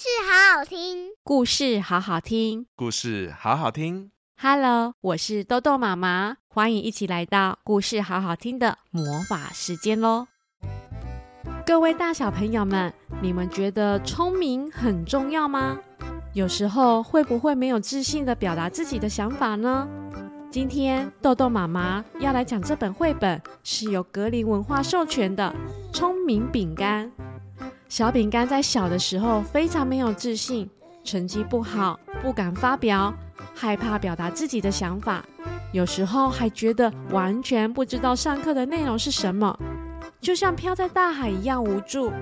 是好好聽故事好好聽，故事好好聽，故事好好聽。Hello，我是豆豆媽媽，歡迎一起來到故事好好聽的魔法時間咯。各位大小朋友們，你們覺得聰明很重要嗎？有時候會不會沒有自信地表達自己的想法呢？今天豆豆媽媽要來講這本繪本，是由格林文化授權的《聰明餅乾》。小餅乾在小的時候非常沒有自信，成績不好，不敢發表，害怕表達自己的想法，有時候還覺得完全不知道上課的內容是什麼，就像飄在大海一樣無助。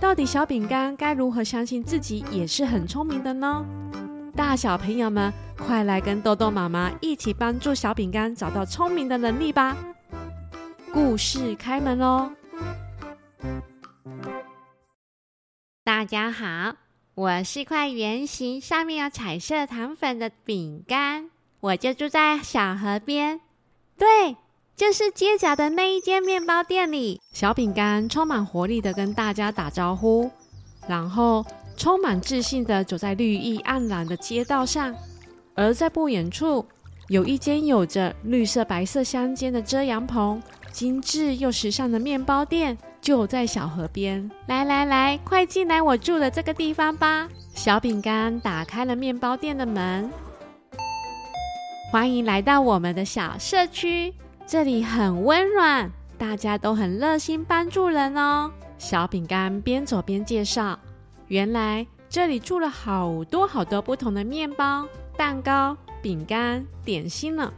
到底小餅乾該如何相信自己也是很聰明的呢？大小朋友們，快來跟荳荳媽媽一起幫助小餅乾找到聰明的能力吧！故事開門嘍！大家好，我是塊圓形、上面有彩色糖粉的餅乾，我就住在小河邊。對，就是街角的那一間麵包店裡。小餅乾充滿活力的跟大家打招呼，然後充滿自信的走在綠意盎然的街道上。而在不遠處，有一間有着綠色、白色相間的遮陽棚、精致又時尚的麵包店。就在小河邊，來來來，快進來我住的這個地方吧！小餅乾打開了面包店的門，歡迎來到我們的小社區，這裡很溫暖，大家都很熱心幫助人哦。小餅乾邊走邊介紹，原來這裡住了好多好多不同的面包、蛋糕、餅乾、點心呢，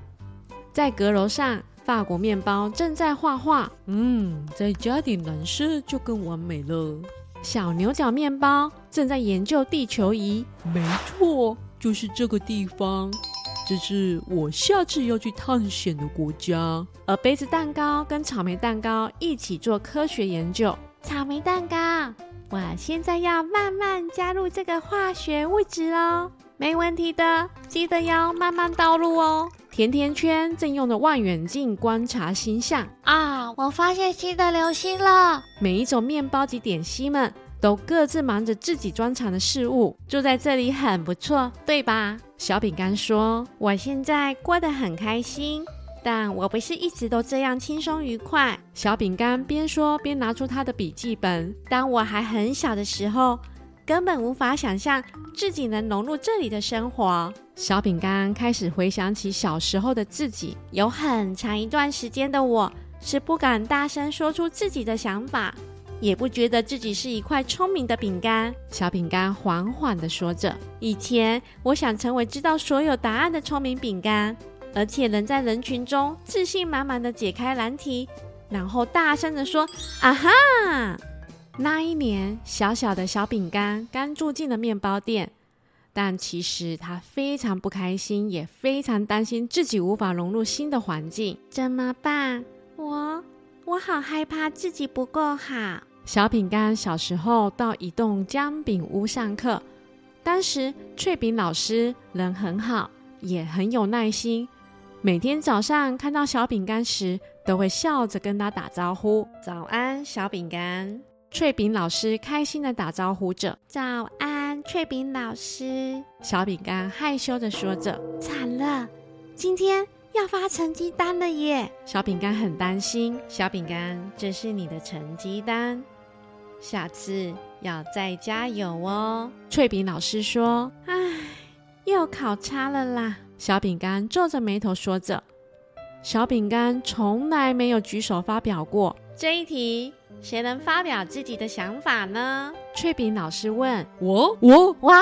在閣樓上，法國麵包正在畫畫，嗯，再加點藍色就更完美了。小牛角麵包正在研究地球儀，沒錯，就是這個地方，這是我下次要去探險的國家。而杯子蛋糕跟草莓蛋糕一起做科學研究。草莓蛋糕，我現在要慢慢加入這個化學物質囉。沒問題的，記得要慢慢倒入哦。甜甜圈正用着望遠鏡觀察星象。啊！我發現新的流星了。每一種麵包及點心們都各自忙着自己專長的事物，住在這裡很不錯，對吧？小餅乾說：“我現在過得很開心，但我不是一直都這樣輕鬆愉快。”小餅乾邊說邊拿出他的筆記本，當我還很小的時候……根本無法想象自己能融入這裡的生活。小餅乾開始回想起小時候的自己，有很長一段時間的我是不敢大聲說出自己的想法，也不覺得自己是一塊聰明的餅乾。小餅乾緩緩地說着：“以前我想成為知道所有答案的聰明餅乾，而且能在人群中自信滿滿地解開難題，然後大聲地說：‘啊哈！’”那一年，小小的小餅乾剛住進了麵包店，但其實他非常不開心，也非常擔心自己無法融入新的環境，怎麼辦？我我好害怕自己不夠好。小餅乾小時候到一棟薑餅屋上課，當時脆餅老師人很好，也很有耐心，每天早上看到小餅乾時，都會笑着跟他打招呼：“早安，小餅乾。”脆餅老師開心地打招呼着：“早安，脆餅老師。”小餅乾害羞地說着：“慘了，今天要發成績單了耶！”小餅乾很擔心。“小餅乾，這是你的成績單，下次要再加油哦。”脆餅老師說：“唉，又考差了啦。”小餅乾皺着眉頭說着：“小餅乾從來沒有舉手發表過。”這一題，誰能發表自己的想法呢？脆餅老師問我，我哇！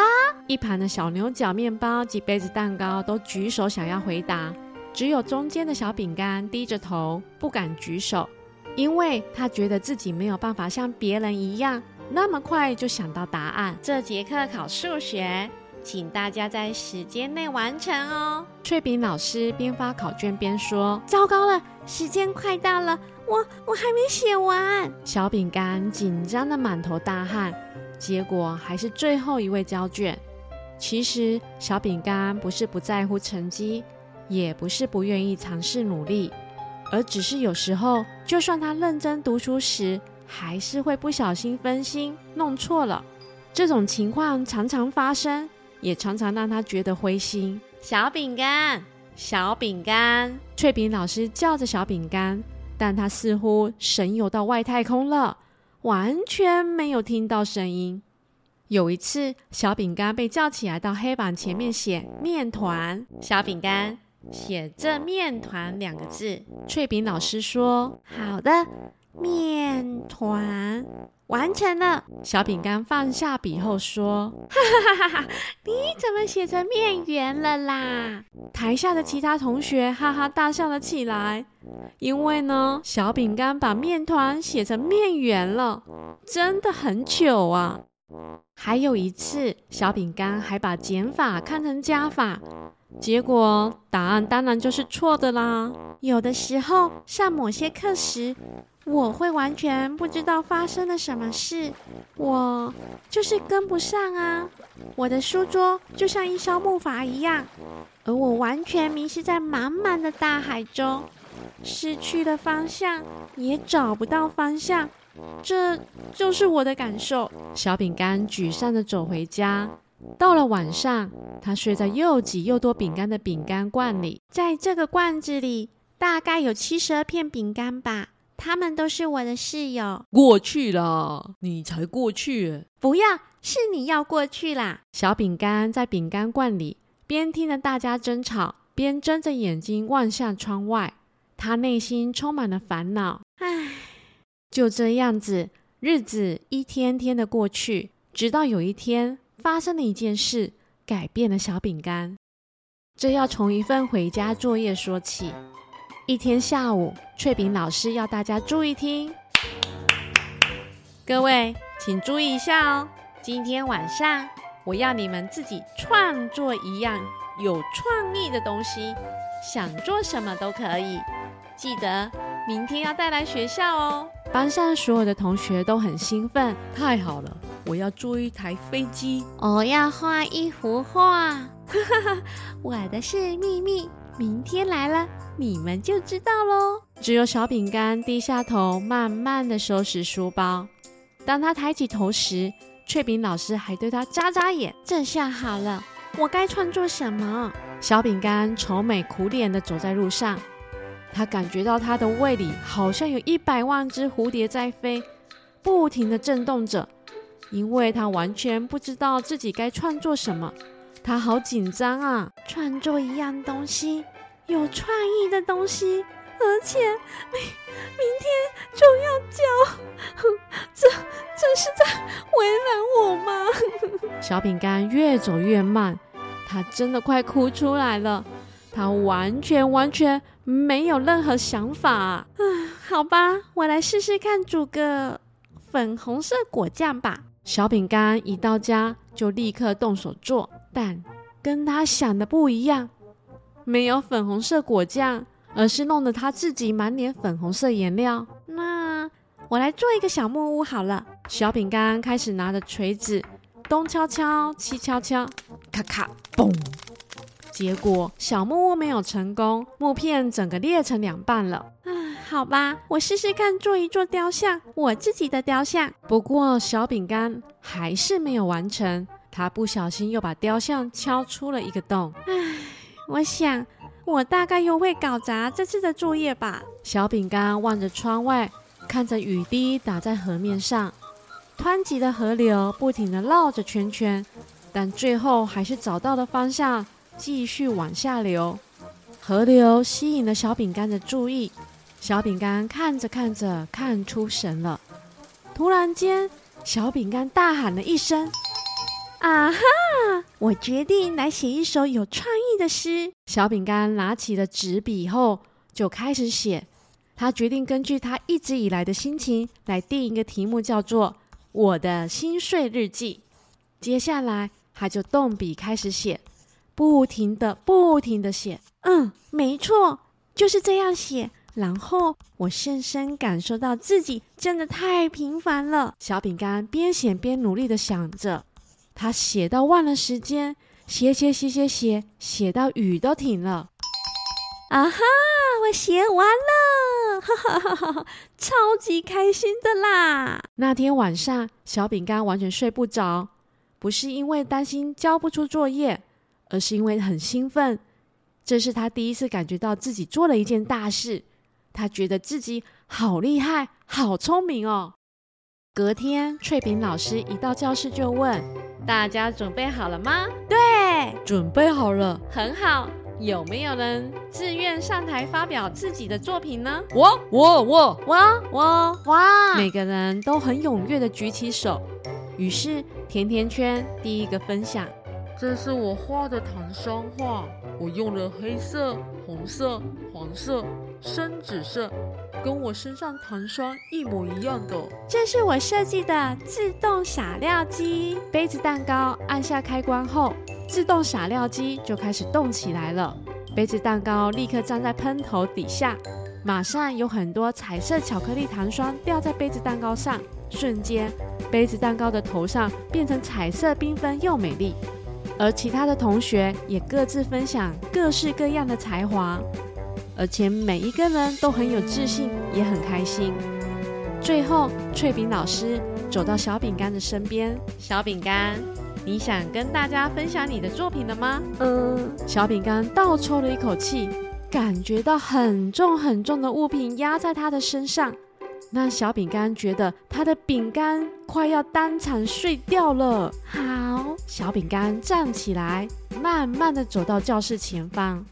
一旁的小牛角麵包、及杯子蛋糕都舉手想要回答，只有中間的小餅乾低着頭不敢舉手，因為他覺得自己沒有辦法像別人一樣那麼快就想到答案。這節課考數學。請大家在時間內完成哦。脆餅老師邊發考卷邊說：“糟糕了，時間快到了，我我還沒寫完。”小餅乾緊張得滿頭大汗，結果還是最後一位交卷。其實小餅乾不是不在乎成績，也不是不願意嘗試努力，而只是有時候，就算他認真讀書時，還是會不小心分心，弄錯了。這種情況常常發生。也常常讓他覺得灰心。小餅乾，小餅乾。脆餅老師叫着小餅乾，但他似乎神遊到外太空了，完全沒有聽到聲音。有一次，小餅乾被叫起來到黑板前面寫麵團，小餅乾寫着“麵團”兩個字，脆餅老師說：“好的，麵團。”完成了，小餅乾放下筆後說：“哈哈哈哈哈，你怎麼寫成麵圓了啦？”台下的其他同學哈哈大笑了起來，因為呢，小餅乾把麵團寫成麵圓了，真的很糗啊！還有一次，小餅乾還把減法看成加法。結果答案當然就是錯的啦。有的時候上某些課時，我會完全不知道發生了什麼事，我就是跟不上啊。我的書桌就像一艘木筏一樣，而我完全迷失在茫茫的大海中，失去了方向，也找不到方向。這就是我的感受。小餅乾沮喪地走回家。到了晚上，他睡在又擠又多餅乾的餅乾罐裡。在這個罐子裡，大概有七十二片餅乾吧。他們都是我的室友。過去啦，你才過去。不要，是你要過去啦。小餅乾在餅乾罐裡，邊聽着大家爭吵，邊睜着眼睛望向窗外。他內心充滿了煩惱。唉，就這樣子，日子一天天的過去，直到有一天。發生了一件事，改變了小餅乾。這要從一份回家作業說起。一天下午，脆餅老師要大家注意聽。各位請注意一下哦，今天晚上我要你們自己創作一樣有創意的東西，想做什麼都可以。記得明天要帶來學校哦。班上所有的同學都很興奮。太好了。我要坐一台飛機。我、oh, 要畫一幅畫。哈哈，哈，我的是秘密，明天來了你們就知道嘍。只有小餅乾低下頭，慢慢的收拾書包。當他抬起頭時，脆餅老師還對他眨眨眼。這下好了，我該創作什麼？小餅乾愁眉苦臉的走在路上，他感覺到他的胃裡好像有一百萬隻蝴蝶在飛，不停的震動着。因為他完全不知道自己該創作什麼，他好緊張啊！創作一樣東西，有創意的東西，而且明明天就要交，哼，這這是在為難我嗎？小餅乾越走越慢，他真的快哭出來了。他完全完全沒有任何想法。唉，好吧，我來試試看，煮個粉紅色果醬吧。小餅乾一到家就立刻動手做，但跟他想的不一樣，沒有粉紅色果醬，而是弄得他自己滿臉粉紅色顏料。那我來做一個小木屋好了。小餅乾開始拿着錘子，東敲敲，西敲敲，咔咔嘣，結果小木屋沒有成功，木片整個裂成兩半了。唉。好吧，我試試看做一座雕像，我自己的雕像。不過小餅乾還是沒有完成，他不小心又把雕像敲出了一個洞。唉，我想我大概又會搞砸這次的作業吧。小餅乾望着窗外，看着雨滴打在河面上，湍急的河流不停地繞着圈圈，但最後還是找到了方向，繼續往下流。河流吸引了小餅乾的注意。小餅乾看着看着看出神了，突然間，小餅乾大喊了一聲：“啊哈！我決定來寫一首有創意的詩。”小餅乾拿起了紙筆後就開始寫，他決定根據他一直以來的心情來定一個題目，叫做《我的心碎日記》。接下來，他就動筆開始寫，不停的不停的寫。嗯，沒錯，就是這樣寫。然後我深深感受到自己真的太平凡了。小餅乾邊寫邊努力地想着，他寫到忘了時間，寫寫寫寫寫寫，寫到雨都停了。啊哈！我寫完了，哈哈哈哈哈，超級開心的啦！那天晚上，小餅乾完全睡不着，不是因為擔心交不出作業，而是因為很興奮。這是他第一次感覺到自己做了一件大事。他覺得自己好厲害，好聰明哦。隔天，脆餅老師一到教室就問：“大家準備好了嗎？”“對，準備好了，很好。”“有沒有人自願上台發表自己的作品呢？”“我，我，我，我、我、哇！”每個人都很踴躍的舉起手。於是，甜甜圈第一個分享：“這是我畫的糖霜畫，我用了黑色、紅色、黃色。”深紫色，跟我身上糖霜一模一樣的。這是我設計的自動撒料機，杯子蛋糕按下開關後，自動撒料機就開始動起來了。杯子蛋糕立刻站在噴頭底下，馬上有很多彩色巧克力糖霜掉在杯子蛋糕上，瞬間杯子蛋糕的頭上變成彩色繽紛又美麗。而其他的同學也各自分享各式各樣的才華。而且每一個人都很有自信，也很開心。最後，脆餅老師走到小餅乾的身邊：“小餅乾，你想跟大家分享你的作品了嗎？”“嗯。”小餅乾倒抽了一口氣，感覺到很重很重的物品壓在他的身上，那小餅乾覺得他的餅乾快要當場碎掉了。好，小餅乾站起來，慢慢的走到教室前方。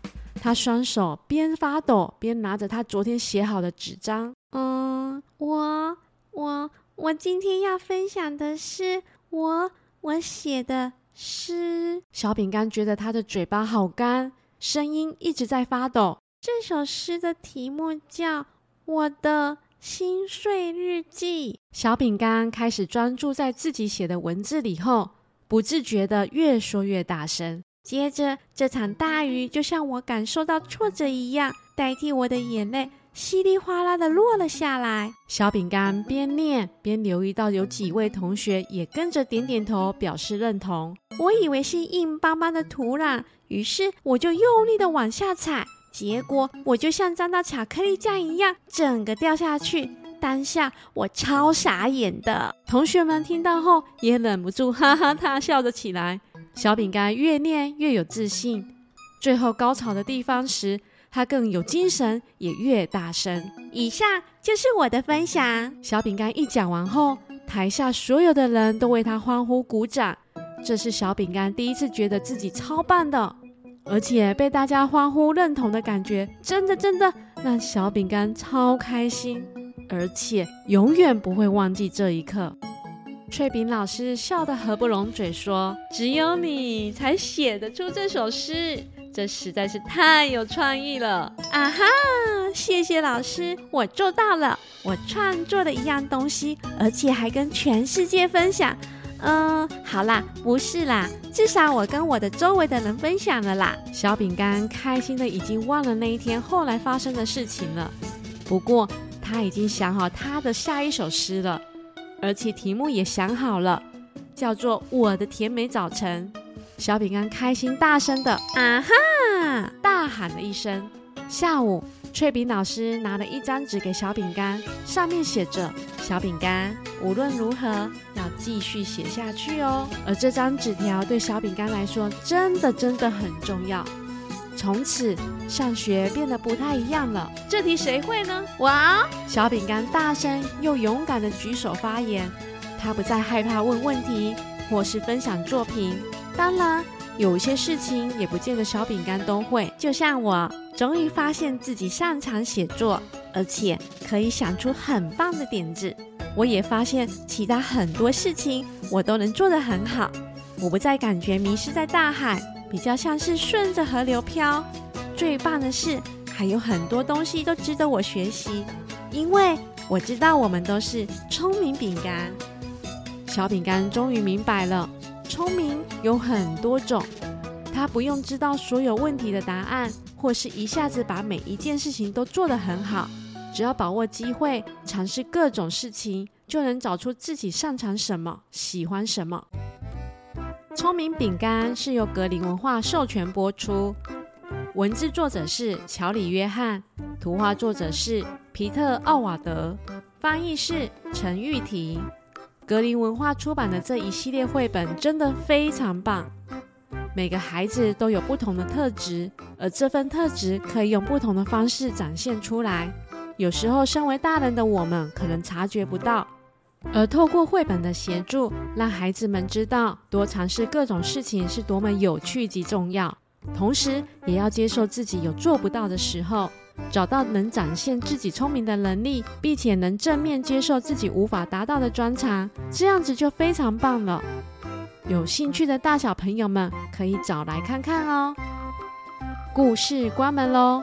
他雙手邊發抖，邊拿着他昨天寫好的紙張。嗯，我、我、我今天要分享的是我我寫的詩。小餅乾覺得他的嘴巴好乾，聲音一直在發抖。這首詩的題目叫《我的心碎日記》。小餅乾開始專注在自己寫的文字裡後，不自覺的越說越大聲。接着，這場大雨就像我感受到挫折一樣，代替我的眼淚，稀里嘩啦地落了下來。小餅乾邊念邊留意到，有幾位同學也跟着點點頭，表示認同。我以為是硬邦邦的土壤，於是我就用力地往下踩，結果我就像沾到巧克力醬一樣，整個掉下去。當下我超傻眼的，同學們聽到後也忍不住哈哈大笑着起來。小餅乾越念越有自信，最後高潮的地方時，他更有精神，也越大聲。以上就是我的分享。小餅乾一講完後，台下所有的人都為他歡呼鼓掌。這是小餅乾第一次覺得自己超棒的，而且被大家歡呼認同的感覺，真的真的讓小餅乾超開心，而且永遠不會忘記這一刻。脆餅老師笑得合不攏嘴，說：“只有你才寫得出這首詩，這實在是太有創意了！”啊哈，謝謝老師，我做到了，我創作的一樣東西，而且還跟全世界分享。嗯，好啦，不是啦，至少我跟我的周圍的人分享了啦。小餅乾開心的已經忘了那一天後來發生的事情了，不過他已經想好他的下一首詩了。而且題目也想好了，叫做《我的甜美早晨》。小餅乾開心大聲地啊哈，大喊了一聲。下午，脆餅老師拿了一張紙給小餅乾，上面寫着：“小餅乾，無論如何要繼續寫下去哦。”而這張紙條對小餅乾來說，真的真的很重要。從此，上學變得不太一樣了。這題誰會呢？哇！小餅乾大聲又勇敢地舉手發言，他不再害怕問問題或是分享作品。當然，有些事情也不見得小餅乾都會。就像我，終於發現自己擅長寫作，而且可以想出很棒的點子。我也發現其他很多事情我都能做得很好。我不再感覺迷失在大海，比較像是順着河流漂。最棒的是，還有很多東西都值得我學習，因為我知道我們都是聰明餅乾。小餅乾終於明白了，聰明有很多種。他不用知道所有問題的答案，或是一下子把每一件事情都做得很好。只要把握機會，嘗試各種事情，就能找出自己擅長什麼，喜歡什麼。聰明餅乾是由格林文化授權播出，文字作者是喬里·約翰，圖畫作者是皮特·奧瓦德，翻譯是陳玉婷。格林文化出版的這一系列繪本真的非常棒。每個孩子都有不同的特質，而這份特質可以用不同的方式展現出來。有時候，身為大人的我們可能察覺不到。而透過繪本的協助，讓孩子們知道多嘗試各種事情是多麼有趣及重要，同時也要接受自己有做不到的時候，找到能展現自己聰明的能力，並且能正面接受自己無法達到的專長，這樣子就非常棒了。有興趣的大小朋友們可以找來看看哦！故事關門嘍。